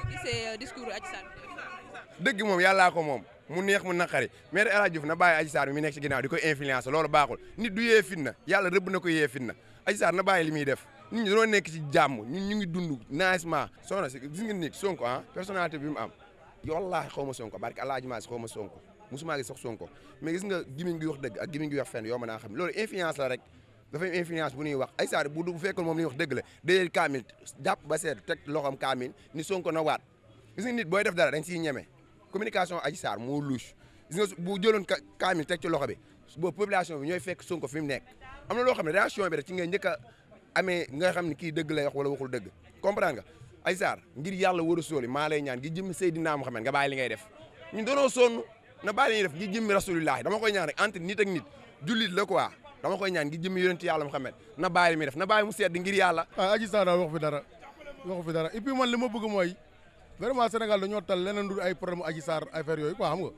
ko gisee euh, discours Adji Sarr dëgg moom yàllaa ko moom mu neex mu naqari maire El Hadj Diouf na bàyyi Adji Sarr mi nekk ci ginnaaw di ko influence loolu baaxul ni du yee fitna yàlla rëbb na ko yee fitna Adji Sarr na bàyyi li muy def nit ñi dañoo nekk ci jàmm ñun ñu ngi dund naajement soxna si gis nga nit Sonko ah personnalité bi mu am wallaahi xaw ma Sonko barke El Hadj Maas xaw ma Sonko musuma gis sax Sonko mais gis nga gimiñ gi wax dëgg a gimiñ gi wax fenn naa xam loolu influence la rek dafay influence bu ñuy wax ay saar bu fekkoon moom li ñuy wax dëgg la déjeel kaamil jàpp ba seet teg loxoom ni Sonko na waat gis nit booy def dara dañ siy ñeme communication Adji Sarr moo louche gis nga bu jëloon kaamil teg ci loxo bi boobu population bi ñooy fekk Sonko fi mu nekk am na loo xam ne réaction bi rek ci nga njëkk a amee nga xam ne kii dëgg lay wax wala waxul dëgg comprendre nga Adji Sarr ngir yàlla war a maa lay ñaan gi jëm Seydina Mouhamed nga bàyyi li ngay def ñun doonoo sonn na bàyyi li ñuy def ngir jëmmi rasulillahi dama koy ñaan rek entre nit ak nit jullit la quoi dama koy ñaan ngi jëmmi yonent yàlla Muhammad na bàyyi mi def na bàyyi mu sedd ngir yàlla ah Adji Sarr daal fi dara wax fi dara et puis man ma bëgg mooy vraiment Sénégal dañoo tal leneen du ay problème Adji saar affaire yooyu quoi xam nga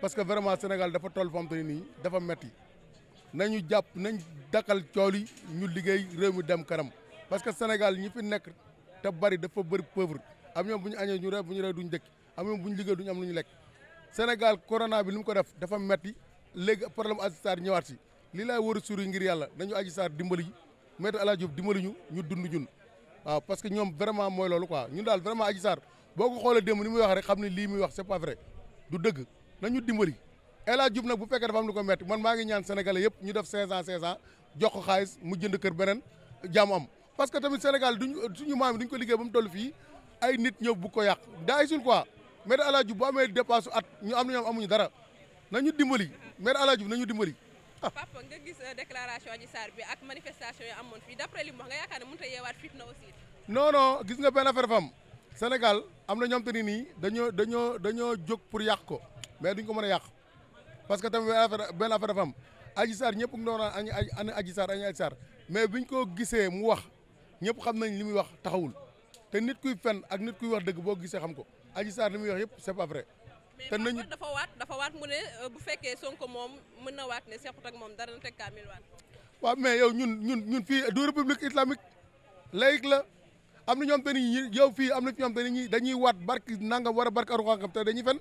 parce que vraiment Sénégal dafa toll fam te nii dafa metti nañu jàpp nañ dakkal cool yi ñu liggéey réew mi dem kanam parce que Sénégal ñi nekk te bari dafa bëri pauvre am ñoom bu ñu añee ñu reer bu ñu reer duñ dëkk am ñoom bu ñu am lu ñu lekk Sénégal corona bi li mu ko def dafa metti léegi problème Adji Sarr ñëwaat si lii laay war a ngir yàlla nañu Adji Sarr dimbali maître El Hadj dimbali ñu ñu dund ñun waaw parce que ñoom vraiment mooy loolu ko ñun daal vraiment Adji boo ko xoolee démb ni muy wax rek xam ne lii mu wax c'est pas vrai du dëgg nañu dimbali El Hadj Diouf nag bu fekkee dafa am lu ko metti man maa ngi ñaan sénégalais yëpp ñu def 500 500 jox ko xaalis mu jënd kër beneen jàmm am parce que tamit Sénégal duñu suñu maam yi ñu ko liggéey ba mu toll fii ay nit ñëw bu ko yàq daa isul quoi maître El Hadj Diouf bu amee dépasse at ñu am na ñoom amuñu dara nañu dimbali maître El Hadj nañu dimbali papa nga gis euh, déclaration Adji Sarr bi ak manifestation yi amoon fii d'après li mu wax nga yaakaar ne mënut a yeewaat fitna aussi. non non gis nga benn affaire fam Sénégal am na ñoom te ni nii dañoo dañoo dañoo jóg pour yàq ko mais duñ ko mën a yàq parce que tamit benn affaire fam Adji Sarr ñëpp ñu doon naan añu Adji Sarr añu Adji Sarr mais biñ ko gisee mu wax ñëpp xam nañ li muy wax taxawul te nit kuy fen ak nit kuy wax dëgg boo gisee xam ko Adji Sarr li mu wax yëpp c'est pas te nañu dafa waat dafa waat mu ne euh, bu fekkee Sonko moom mën na waat ne sequt moom dara na teg kaamil mais yow ñun ñun ñun fii du république islamique laïque la am na ñoom te ni fii am na ñoom te ni dañuy waat barki war a barki aruxaangam te dañuy fen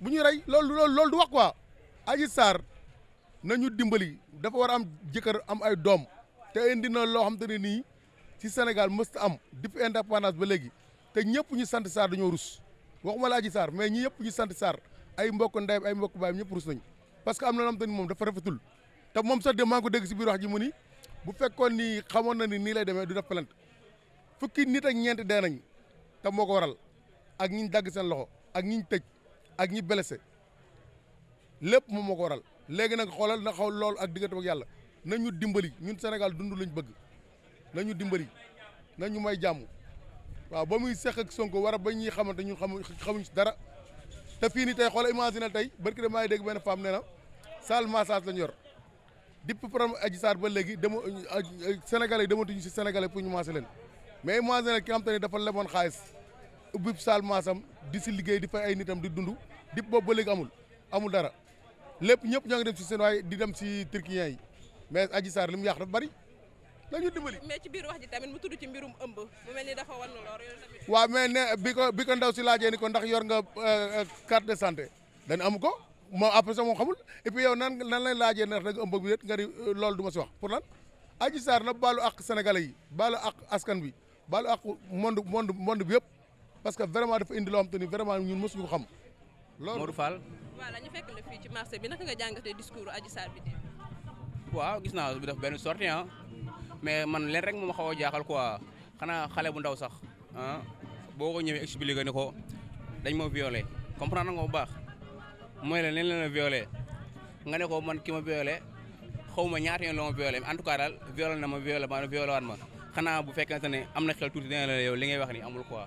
bu ñuy rey loolu loolu loolu du wax quoi. Adji Sarr nañu dimbali dafa war a am jëkkër am ay doom te indi na loo xam te ne nii ci Sénégal mësta am depuis indépendance ba léegi te ñëpp ñu sant Sarr dañoo rus. waxuma laa ji Sarr mais ñi yëpp ñu sant Sarr ay mbokk ndey ay mbokk baay ñëpp rus nañ parce que am na loo xam te ni moom dafa rafetul te moom sax de maa ko dégg si biir wax ji ni bu fekkoon ni xamoon na ni nii lay demee du def plainte fukki nii ak ñeenti dee nañ te moo ko waral ak ñi dagg seen loxo ak ñi tëj ak ñi blessé lépp moom moo ko waral léegi nag xoolal na xaw lool ak diggante ak yàlla nañu dimbali ñun Sénégal dund lañ bëgg nañu dimbali ñu may jàmm. waaw ba muy seq ak Sonko war a ba ñuy xamante ñun xamu xamuñ dara te fii nii tey xoola imaginer tey barki maa ngi dégg benn femme nee na salle massage lañ yor depuis problème Adji ba léegi dama Sénégalais yi dematuñu si Sénégalais pour ñu massé leen mais imaginer ki nga xam te ne dafa leboon xaalis ubbi salle massam di si liggéey di fay ay nitam di dundu dip boobu ba léegi amul amul dara lépp ñëpp ñoo ngi dem si seen waaye di dem si turkiyen yi mais Adji Sarr li mu yàq dafa bari nañu dimbali. mais ci biir wax ji tamit mu tudd ci mbirum ëmb. mu mel ni dafa wan lor yooyu tamit. bi ko bi ko ndaw si laajee ni ko ndax yor nga euh, carte de santé dañ am ko moom après sax moom xamul et puis yow nan nan lay laajee ndax da nga ëmb bi yëpp nga ni euh, loolu du ma si wax pour lan. Adji Sarr na baalu ak sénégalais yi baalu ak askan bi baalu ak monde monde monde bi yëpp parce que vraiment dafa indi loo te ni ñun mosuñu ko xam. loolu Modou Fall. voilà ñu fekk la fii bi naka nga jàngatee discours Adji Sarr bi de. waaw gis naa daf benn sortie ah. mais man leen rek moom xaw a jaaxal quoi xanaa xale bu ndaw sax ah, boo ko ñëwee expliqué ni ko dañ ma violé comprendre nga bu baax mooy la leen leen a violé nga ne ko man ki ma xaw ma ñaata yoon la ma violé en tout cas daal violé na ma violé ma violé waat ma xanaa bu fekkente ne am na xel tuuti dina la yow li ngay wax ni amul quoi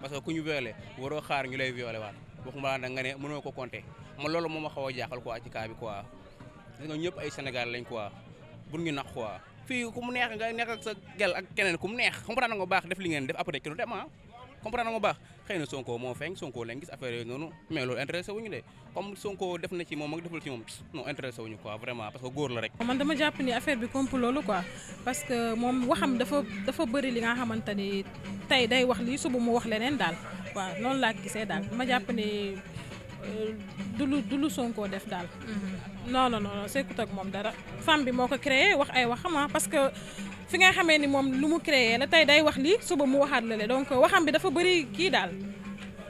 parce que ku ñu violé waroo xaar ñu lay violé waat waxuma la nga ne mënoo ko compter ma loolo moom ma xaw a jaaxal quoi ci cas bi quoi. gis nga ñëpp ay Sénégal lañ quoi bur ñu nax quoi. fii ku mu neex nga nekk ak sa gel ak keneen ku mu neex comprendre nga baax def li ngeen def après kenn du dem ah comprendre nga baax xëy na moo feeñ Sonko lañ gis affaire yooyu noonu mais loolu intéressé wuñu de comme Sonko def na ci moom ak deful ci moom non intéressé wuñu quoi parce que moom waxam dafa dafa li nga xamante ni day wax lii suba mu wax leneen daal waaw noonu laa gisee daal dama jàpp ni. Euh, du lu du lu Sonko def daal. Mm-hmm. non non non sekut ak moom dara femme bi moo ko créé wax ay waxama ah, parce que fi nga xamee ni moom lu mu créé la tey day wax lii suba mu waxaat la le donc waxam bi dafa bëri kii daal.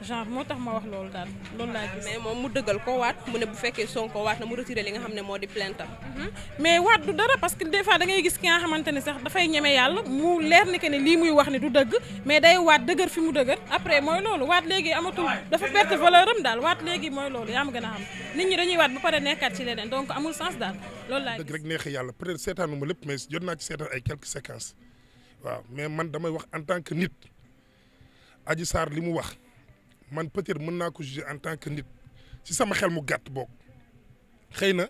genre moo tax ma wax loolu daal loolu laa gis. mais moom mu dëggal ko waat mu ne bu fekkee Sonko waat na mu retiré li nga xam ne moo di plainte am. Mhm. mais waat du dara parce que des fois da ngay gis ki nga xamante ne sax dafay ñeme yàlla mu leer ni que ne lii muy wax ni du dëgg mais day waat dëgër fi mu dëgër après mooy loolu waat léegi amatul dafa perte valeur daal waat léegi mooy loolu yaa ma gën a xam nit ñi dañuy waat ba pare nekkaat ci leneen donc amul sens daal loolu laa gis. dëgg lépp mais jot naa ci seetaan ay waaw mais man damay wax en tant que nit Adji Sarr li mu wax man peut mën naa ko juger en tant que nit ci sama xel mu gàtt boog xëy na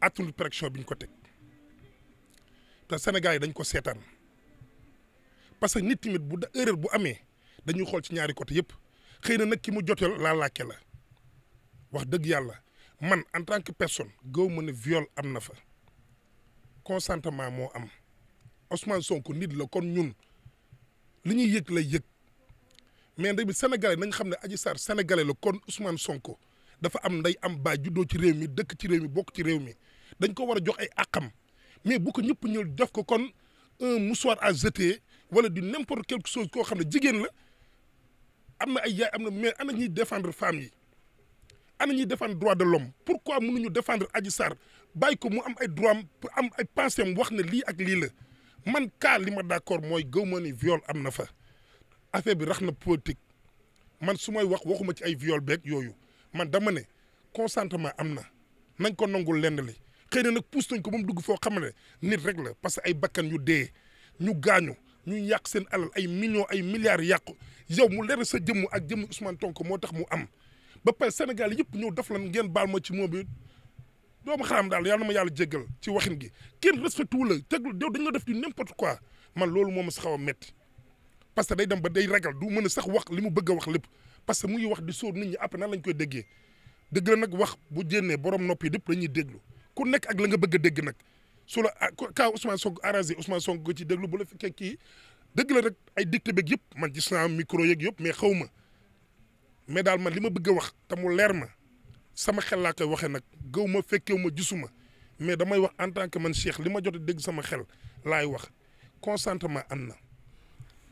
attul pression bi ñu ko teg te Sénégal yi dañ ko seetaan parce que nit tamit bu da erreur bu amee dañuy xool ci ñaari côté yëpp xëy na nag ki mu joteel laa laajte la wax dëgg yàlla man en tant que personne gaw ma ne viol am na fa consentement moo am Ousmane Sonko nit la kon ñun li ñuy yëg lay yëg. mais nag bi sénégalais nañ xam ne Adji Sarr la kon Ousmane Sonko dafa am nday am baa juddoo ci réew mi dëkk ci réew mi bokk ci réew mi dañ koo war a jox ay àqam mais bu ko ñëpp ñëw def ko kon un mouchoir à jeter wala du n'importe quelque chose koo xam ne jigéen la am na ay yaay am na mais ana ñuy défendre femmes yi ana ñuy défendre droit de l'homme pourquoi mënuñu défendre Adji Sarr bàyyi ko mu am ay droit am ay pensées am wax ne lii ak lii la man kaa li ma d'accord mooy gëw ma ni viol am na fa affaire bi rax na politique man sumay wax waxuma ci ay viol beeg yooyu man dama ne consentement am na nan ko nangul lenn li xëy na nag pousse nañ ko ba mu dugg foo xam ne nit rek la parce que ay bakkan yu dee ñu gaañu ñu yàq seen alal ay millions ay milliards yàqu yow mu leer sa jëmm ak jëmm Ousmane tonk moo tax mu am ba pare Sénégal yëpp ñëw daf lan ngeen baal ma ci moom bi doomu xaram daal yàlla na ma yàlla jéggal ci waxin gi kenn respecté wu la tegul yow dañ la def du n'importe quoi man loolu moo ma si xaw a métti parce que day dem ba day ragal du mën a sax wax li mu bëgg a wax lépp parce que mu ngi wax di sóor nit ñi après nan lañ koy déggee dëgg la nag wax bu jénnee boroom nopp yi lépp dañuy déglu ku nekk ak la nga bëgg a dégg nag su la ah kaa Ousmane Sonko arrangé Ousmane Sonko ci déglu bu la fekkee dëgg la rek ay dicté beeg yëpp man gis naa micro yeeg yëpp mais xaw ma mais daal man li ma bëgg a wax te mu leer ma sama xel laa koy waxee nag gëw ma fekkew ma gisuma mais damay wax en tant que man Cheikh li ma jot a dégg sama xel laay wax consentement am na.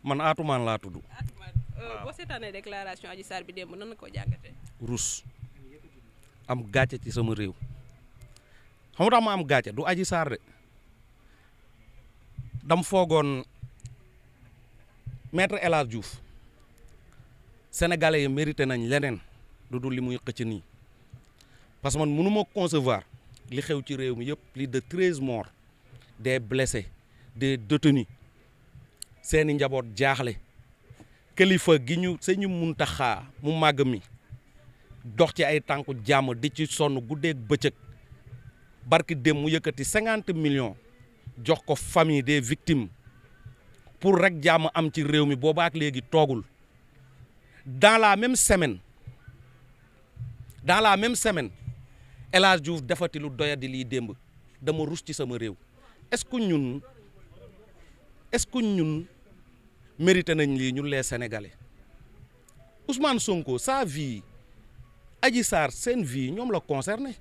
man Atoumane laa tudd. Euh, waaw déclaration Adji Sarr bi démb nan la ko jàngatee. rus am gàcce ci sama réew xam nga ma am gàcce du aji Sarr de dam foogoon maître El Hadj Diouf sénégalais yi mérité nañ leneen lu dul li muy xëcc nii parce que man mënu concevoir li xew ci réew mi yëpp li de treize morts des blessés des détenus seeni njaboot jaaxle kilifa gi ñu sëñu Muntaxa mu màgg mi dox ci ay tànku jàmm di ci sonn guddeeg bëccëg barki dem mu yëkkati cinquante millions jox ko famille des victimes pour rek jàmm am ci réew mi booba ak léegi toogul dans la même semaine dans la même semaine El Hadj Diouf defati lu doyadi liy démb dama rus ci sama réew est ñun est ñun mérité nañ lii ñun lee sénégalais Ousmane Sonko sa vie aji Sarr seen vie ñoom la concerné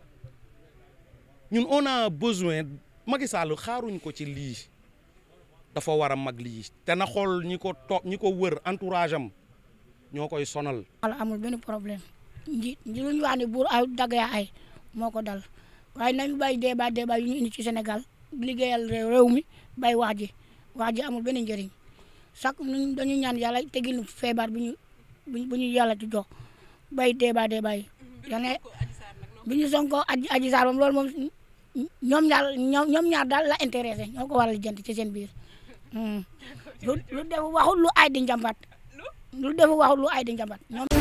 ñun on a besoin Macky Sall xaaruñ ko ci lii dafa war a mag lii te na xool ñi ko ñi ko wër entourage am ñoo koy sonal. wala amul benn problème nji nji lu ñu wax buur ay dagg yaa ay moo ko dal waaye nañu baa débat débat yu ñu indi ci senegal liggéeyal réew mi bay wax ji wax ji amul benn njëriñ. chaque ñun dañu ñaan yàlla tegil ñu feebar bu ñu bu ñu yàlla ci jox bay déeba déeba yi. yàlla bu ñu Sonko aji aji saar moom loolu moom ñoom ñaar ñoom ñaar daal la intéressé ñoo ko war a jënd ci seen biir. Hmm. lu lu def waxul lu ay di njàmbat. lu def waxul lu ay di njàmbat ñoom.